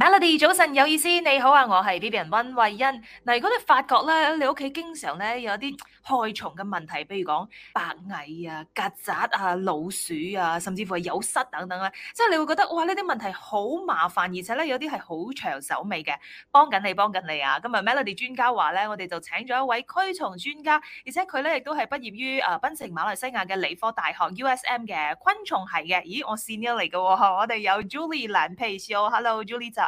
Melody，早晨有意思，你好啊，我係 B B 人溫慧欣。嗱、呃，如果你發覺咧，你屋企經常咧有啲害蟲嘅問題，比如講白蟻啊、曱甴啊、老鼠啊，甚至乎係有虱等等啦，即係你會覺得哇，呢啲問題好麻煩，而且咧有啲係好長手尾嘅，幫緊你幫緊你啊！今日 Melody 專家話咧，我哋就請咗一位驅蟲專家，而且佢咧亦都係畢業於啊檳城馬來西亞嘅理科大學 U S M 嘅昆蟲系嘅。咦，我 senior 嚟嘅，我哋有 Julie 蘭佩士，Hello，Julie 就。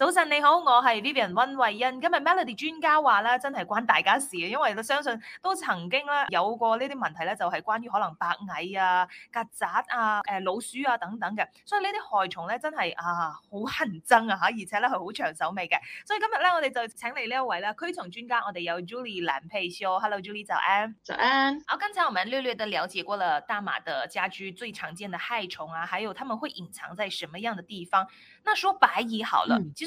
早晨你好，我係 Vivian 溫慧欣。今日 Melody 專家話咧，真係關大家事嘅，因為我相信都曾經咧有過呢啲問題咧，就係關於可能白蟻啊、曱甴啊、誒老鼠啊等等嘅。所以呢啲害蟲咧真係啊好恨憎啊吓，而且咧係好長手尾嘅。所以今日咧，我哋就請嚟呢一位咧驅蟲專家，我哋有 Julie 藍佩修。Hello，Julie 早安。早安。啊，剛才我們略略都了解過了，大馬的家居最常見嘅害蟲啊，還有他們會隱藏在什麼樣嘅地方。那說白蟻好了，嗯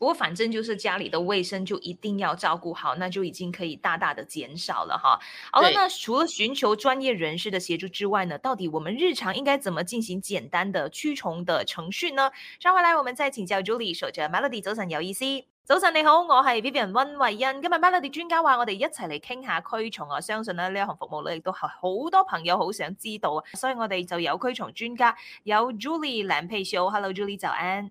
不過反正就是家裏的衛生就一定要照顧好，那就已經可以大大的減少了哈。好了，那除了尋求專業人士的協助之外呢，到底我們日常應該怎麼進行簡單的驅蟲的程序呢？上回來我們再請教 Julie，守着 Melody 走散聊 EC，走散你好，我是 Vivian 溫慧恩。今日 Melody 專家話，我哋一齊嚟傾下驅蟲啊！相信呢呢項服務咧，亦都好多朋友好想知道啊。所以我哋就有驅蟲專家，有 Julie 佩笑，Hello Julie 早安。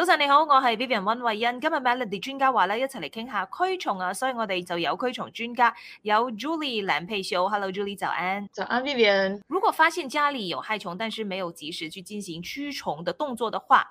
早晨你好，我係 Vivian 溫慧欣，今日 Melody 專家話咧，一齊嚟傾下驅蟲啊！所以我哋就有驅蟲專家，有 Julie Lam h h e l l o Julie，早安，早安 Vivian。如果發現家裏有害蟲，但是沒有及時去進行驅蟲的動作的話，